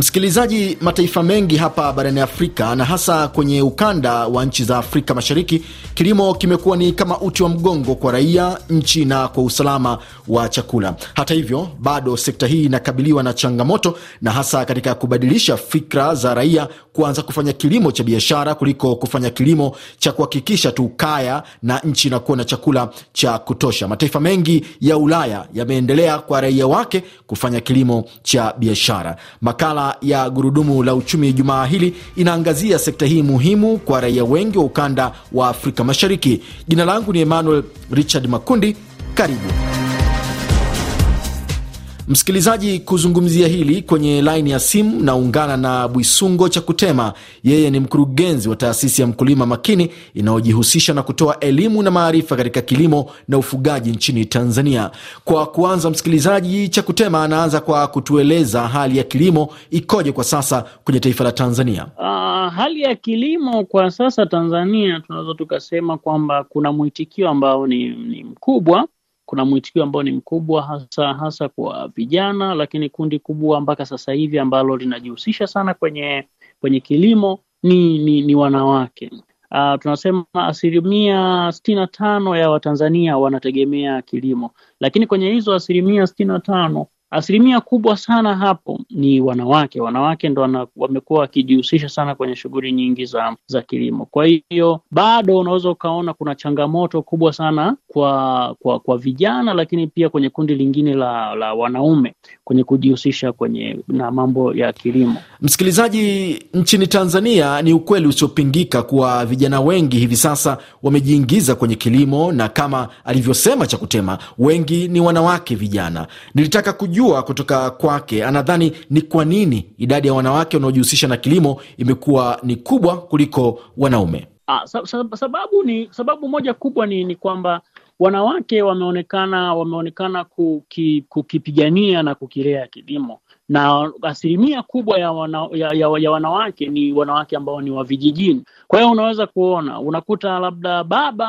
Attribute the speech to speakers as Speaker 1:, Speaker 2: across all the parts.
Speaker 1: Msikilizaji, mataifa mengi hapa barani Afrika na hasa kwenye ukanda wa nchi za Afrika Mashariki, kilimo kimekuwa ni kama uti wa mgongo kwa raia, nchi na kwa usalama wa chakula. Hata hivyo, bado sekta hii inakabiliwa na changamoto, na hasa katika kubadilisha fikra za raia kuanza kufanya kilimo cha biashara kuliko kufanya kilimo cha kuhakikisha tu kaya na nchi inakuwa na chakula cha kutosha. Mataifa mengi ya Ulaya yameendelea kwa raia wake kufanya kilimo cha biashara. Makala ya Gurudumu la Uchumi jumaa hili inaangazia sekta hii muhimu kwa raia wengi wa ukanda wa Afrika Mashariki. Jina langu ni Emmanuel Richard Makundi. Karibu. Msikilizaji, kuzungumzia hili kwenye laini ya simu naungana na Bwisungo Chakutema. Yeye ni mkurugenzi wa taasisi ya Mkulima Makini inayojihusisha na kutoa elimu na maarifa katika kilimo na ufugaji nchini Tanzania. Kwa kuanza, msikilizaji, cha kutema anaanza kwa kutueleza hali ya kilimo ikoje kwa sasa kwenye taifa la Tanzania.
Speaker 2: Uh, hali ya kilimo kwa sasa Tanzania tunaweza tukasema kwamba kuna mwitikio ambao ni, ni mkubwa kuna mwitikio ambao ni mkubwa hasa hasa kwa vijana, lakini kundi kubwa mpaka sasa hivi ambalo linajihusisha sana kwenye kwenye kilimo ni ni, ni wanawake. Uh, tunasema asilimia sitini na tano ya Watanzania wanategemea kilimo, lakini kwenye hizo asilimia sitini na tano Asilimia kubwa sana hapo ni wanawake. Wanawake ndo wamekuwa wakijihusisha sana kwenye shughuli nyingi za, za kilimo. Kwa hiyo bado unaweza ukaona kuna changamoto kubwa sana kwa kwa kwa vijana, lakini pia kwenye kundi lingine la, la
Speaker 1: wanaume kwenye kujihusisha kwenye na mambo ya kilimo. Msikilizaji, nchini Tanzania ni ukweli usiopingika kuwa vijana wengi hivi sasa wamejiingiza kwenye kilimo, na kama alivyosema Chakutema, wengi ni wanawake vijana. Nilitaka kujua kujua kutoka kwake, anadhani ni kwa nini idadi ya wanawake wanaojihusisha na kilimo imekuwa ni kubwa kuliko wanaume.
Speaker 2: Ah, sababu ni sababu moja kubwa ni, ni kwamba wanawake wameonekana wameonekana kuki, kukipigania na kukilea kilimo na asilimia kubwa ya, wana, ya, ya, ya wanawake ni wanawake ambao ni wa vijijini. Kwa hiyo unaweza kuona unakuta labda baba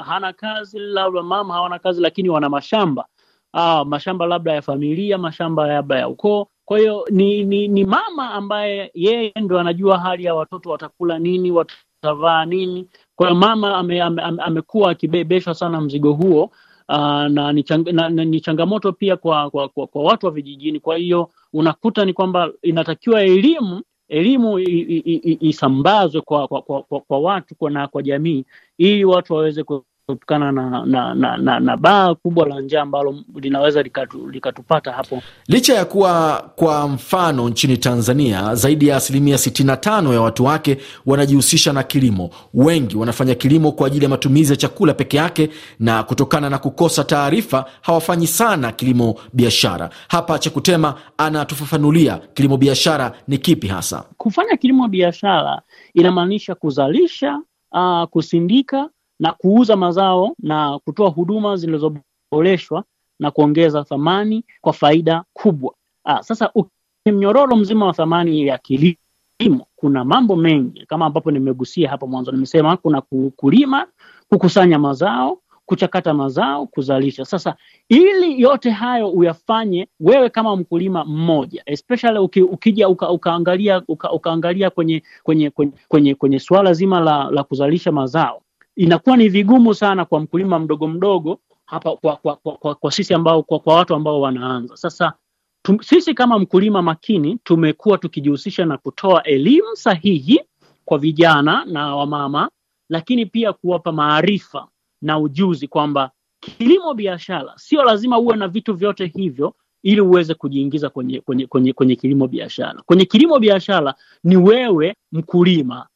Speaker 2: uh, hana kazi, labda mama hawana kazi, lakini wana mashamba ah, mashamba labda ya familia, mashamba labda ya ukoo. Kwa hiyo ni, ni, ni mama ambaye yeye ndo anajua hali ya watoto watakula nini, watavaa nini. Kwa hiyo mama amekuwa ame, ame, akibebeshwa sana mzigo huo. Uh, na ni, chang, na, na ni changamoto pia kwa, kwa, kwa, kwa watu wa vijijini. Kwa hiyo unakuta ni kwamba inatakiwa elimu elimu isambazwe kwa, kwa, kwa, kwa, kwa watu kwa na kwa jamii ili watu waweze kutokana na, na, na, na, na baa kubwa la njaa ambalo linaweza likatu, likatupata hapo.
Speaker 1: Licha ya kuwa kwa mfano nchini Tanzania zaidi ya asilimia 65 ya watu wake wanajihusisha na kilimo, wengi wanafanya kilimo kwa ajili ya matumizi ya chakula peke yake, na kutokana na kukosa taarifa hawafanyi sana kilimo biashara. Hapa Chakutema anatufafanulia kilimo biashara ni kipi hasa.
Speaker 2: Kufanya kilimo biashara inamaanisha kuzalisha, uh, kusindika na kuuza mazao na kutoa huduma zilizoboreshwa na kuongeza thamani kwa faida kubwa. Aa, ah, sasa mnyororo mzima wa thamani ya kilimo kuna mambo mengi kama ambapo nimegusia hapo mwanzo, nimesema kuna kulima, kukusanya mazao, kuchakata mazao, kuzalisha. Sasa ili yote hayo uyafanye wewe kama mkulima mmoja, especially uki, ukija uka, ukaangalia uka, ukaangalia kwenye kwenye kwenye, kwenye, kwenye suala zima la, la kuzalisha mazao inakuwa ni vigumu sana kwa mkulima mdogo mdogo hapa kwa, kwa, kwa, kwa, kwa sisi ambao kwa, kwa watu ambao wanaanza sasa. Tum, sisi kama mkulima makini tumekuwa tukijihusisha na kutoa elimu sahihi kwa vijana na wamama, lakini pia kuwapa maarifa na ujuzi kwamba kilimo biashara sio lazima uwe na vitu vyote hivyo ili uweze kujiingiza kwenye, kwenye, kwenye, kwenye kilimo biashara. Kwenye kilimo biashara ni wewe mkulima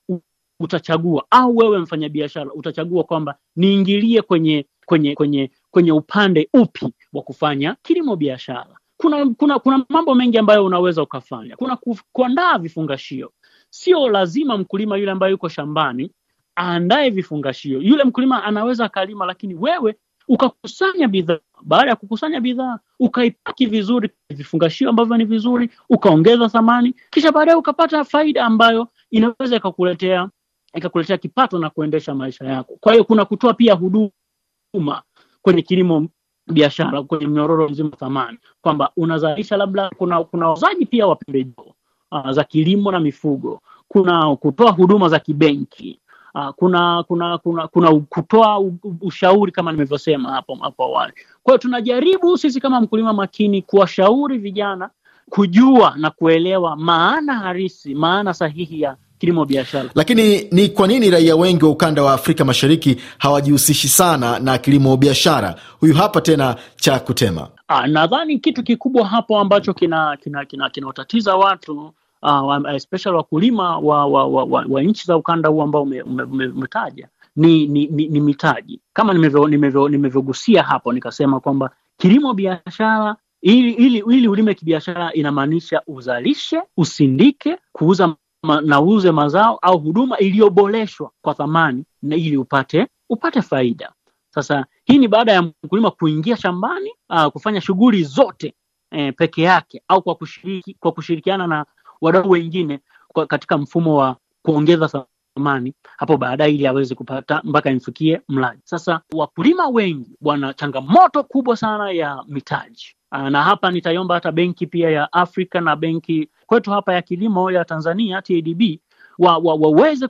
Speaker 2: utachagua au wewe mfanyabiashara utachagua kwamba niingilie kwenye kwenye kwenye kwenye upande upi wa kufanya kilimo biashara. Kuna, kuna kuna mambo mengi ambayo unaweza ukafanya. Kuna kuandaa vifungashio. Sio lazima mkulima yule ambaye yuko shambani aandae vifungashio. Yule mkulima anaweza akalima, lakini wewe ukakusanya bidhaa. Baada ya kukusanya bidhaa, ukaipaki vizuri vifungashio ambavyo ni vizuri, ukaongeza thamani, kisha baadaye ukapata faida ambayo inaweza ikakuletea ikakuletea kipato na kuendesha maisha yako. Kwa hiyo kuna kutoa pia huduma kwenye kilimo biashara, kwenye mnyororo mzima thamani, kwamba unazalisha labda, kuna kuna wauzaji pia wa pembejeo uh, za kilimo na mifugo, kuna kutoa huduma za kibenki uh, kuna kuna kuna kuna kutoa ushauri kama nilivyosema hapo hapo awali. Kwa hiyo tunajaribu sisi kama mkulima makini kuwashauri vijana kujua na kuelewa maana halisi, maana sahihi ya kilimo biashara.
Speaker 1: Lakini ni kwa nini raia wengi wa ukanda wa Afrika Mashariki hawajihusishi sana na kilimo biashara? Huyu hapa tena cha kutema.
Speaker 2: Ah, nadhani kitu kikubwa hapo ambacho kinawatatiza kina, kina, kina watu uh, especially wakulima wa, wa, wa, wa, wa nchi za ukanda huu ambao umetaja ume, ume, ni, ni, ni, ni mitaji kama nimevyogusia hapo, nikasema kwamba kilimo biashara ili, ili, ili ulime kibiashara inamaanisha uzalishe, usindike, kuuza ma, na mazao au huduma iliyoboreshwa kwa thamani na ili upate upate faida. Sasa hii ni baada ya mkulima kuingia shambani uh, kufanya shughuli zote eh, peke yake au kwa kushiriki, kwa kushirikiana na wadau wengine kwa, katika mfumo wa kuongeza thamani hapo baadaye ili aweze kupata mpaka imfikie mlaji. Sasa wakulima wengi wana changamoto kubwa sana ya mitaji. Ah, na hapa nitaiomba hata benki pia ya Afrika na benki kwetu hapa ya kilimo ya Tanzania TADB wa, wa, waweze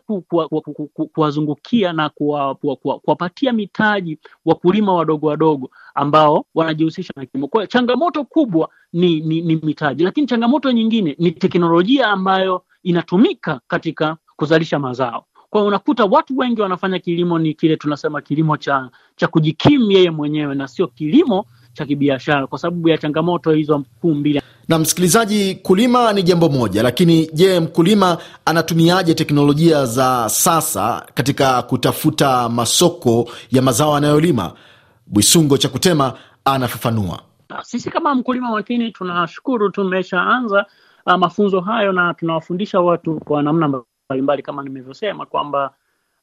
Speaker 2: kuwazungukia na kuwapatia kuwa, kuwa mitaji wakulima wadogo wadogo ambao wanajihusisha na kilimo. Kwa changamoto kubwa ni, ni, ni mitaji, lakini changamoto nyingine ni teknolojia ambayo inatumika katika kuzalisha mazao. Kwa unakuta watu wengi wanafanya kilimo ni kile tunasema kilimo cha, cha kujikimu yeye mwenyewe na sio kilimo cha kibiashara kwa sababu ya changamoto hizo
Speaker 1: kuu mbili. Na msikilizaji, kulima ni jambo moja, lakini je, mkulima anatumiaje teknolojia za sasa katika kutafuta masoko ya mazao anayolima? Bwisungo cha kutema anafafanua.
Speaker 2: Sisi kama mkulima makini, tunashukuru tumeshaanza ah, mafunzo hayo na tunawafundisha watu kwa namna mbalimbali, kama nilivyosema kwamba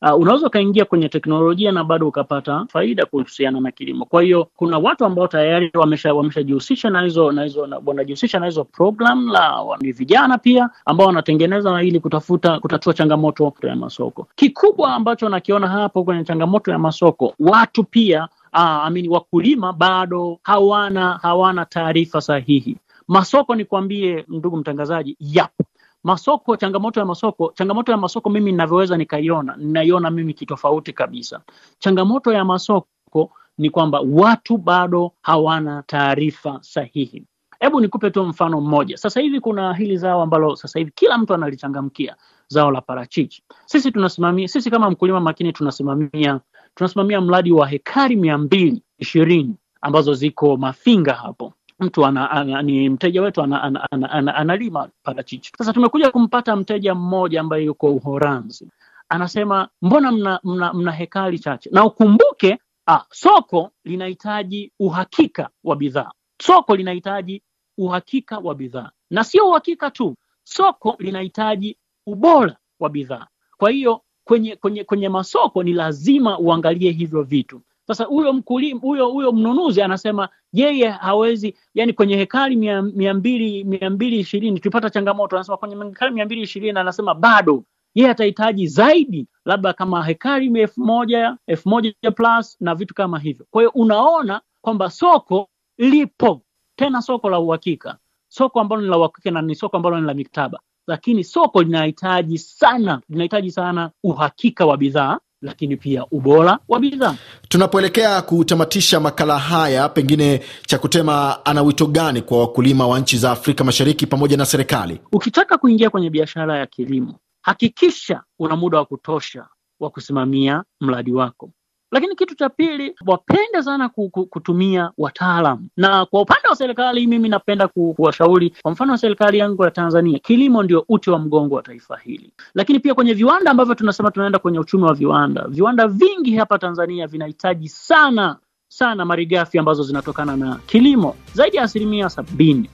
Speaker 2: uh, unaweza ukaingia kwenye teknolojia na bado ukapata faida kuhusiana na kilimo. Kwa hiyo kuna watu ambao tayari wameshajihusisha wamesha na wanajihusisha na hizo program la ni vijana pia ambao wanatengeneza ili kutafuta kutatua changamoto ya masoko. Kikubwa ambacho nakiona hapo kwenye changamoto ya masoko, watu pia uh, ah, amini wakulima bado hawana hawana taarifa sahihi. Masoko, ni kuambie ndugu mtangazaji, yapo Masoko, changamoto ya masoko, changamoto ya masoko mimi ninavyoweza nikaiona, ninaiona mimi kitofauti kabisa. Changamoto ya masoko ni kwamba watu bado hawana taarifa sahihi. Hebu nikupe tu mfano mmoja. Sasa hivi kuna hili zao ambalo sasa hivi kila mtu analichangamkia, zao la parachichi. Sisi tunasimamia, sisi kama mkulima makini tunasimamia tunasimamia mradi wa hekari mia mbili ishirini ambazo ziko Mafinga hapo mtu ana, ana, ni mteja wetu ana, ana, ana, ana, analima parachichi. Sasa tumekuja kumpata mteja mmoja ambaye yuko Uholanzi, anasema mbona mna, mna, mna hekari chache, na ukumbuke ah, soko linahitaji uhakika wa bidhaa. Soko linahitaji uhakika wa bidhaa, na sio uhakika tu, soko linahitaji ubora wa bidhaa. Kwa hiyo kwenye, kwenye, kwenye masoko ni lazima uangalie hivyo vitu. Sasa huyo mkulima huyo huyo mnunuzi anasema yeye hawezi, yani kwenye hekari mia, mia mbili mia mbili ishirini tulipata changamoto, anasema kwenye hekari mia mbili ishirini anasema bado yeye atahitaji zaidi, labda kama hekari elfu moja elfu moja plus na vitu kama hivyo. Kwa hiyo unaona kwamba soko lipo tena, soko la uhakika, soko ambalo ni la uhakika na ni soko ambalo ni la miktaba, lakini soko linahitaji sana linahitaji sana
Speaker 1: uhakika wa bidhaa lakini pia ubora wa bidhaa. Tunapoelekea kutamatisha makala haya, pengine cha kutema, ana wito gani kwa wakulima wa nchi za Afrika Mashariki pamoja na serikali?
Speaker 2: Ukitaka kuingia kwenye biashara ya kilimo, hakikisha una muda wa kutosha wa kusimamia mradi wako. Lakini kitu cha pili, wapende sana kutumia wataalam, na kwa upande wa serikali mimi napenda kuwashauri, kwa mfano wa serikali yangu ya Tanzania, kilimo ndio uti wa mgongo wa taifa hili, lakini pia kwenye viwanda ambavyo tunasema tunaenda kwenye uchumi wa viwanda, viwanda vingi hapa Tanzania vinahitaji sana sana marigafi ambazo zinatokana na kilimo zaidi ya asilimia sabini.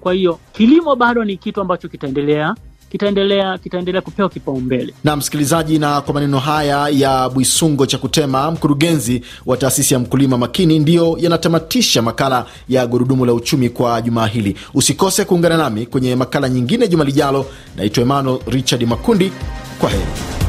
Speaker 2: Kwa hiyo kilimo bado ni kitu ambacho kitaendelea kitaendelea kitaendelea kupewa
Speaker 1: kipaumbele. Na msikilizaji, na kwa maneno haya ya Bwisungo cha kutema mkurugenzi wa taasisi ya Mkulima Makini, ndiyo yanatamatisha makala ya Gurudumu la Uchumi kwa jumaa hili. Usikose kuungana nami kwenye makala nyingine juma lijalo. Naitwa Emmanuel Richard Makundi, kwa heri.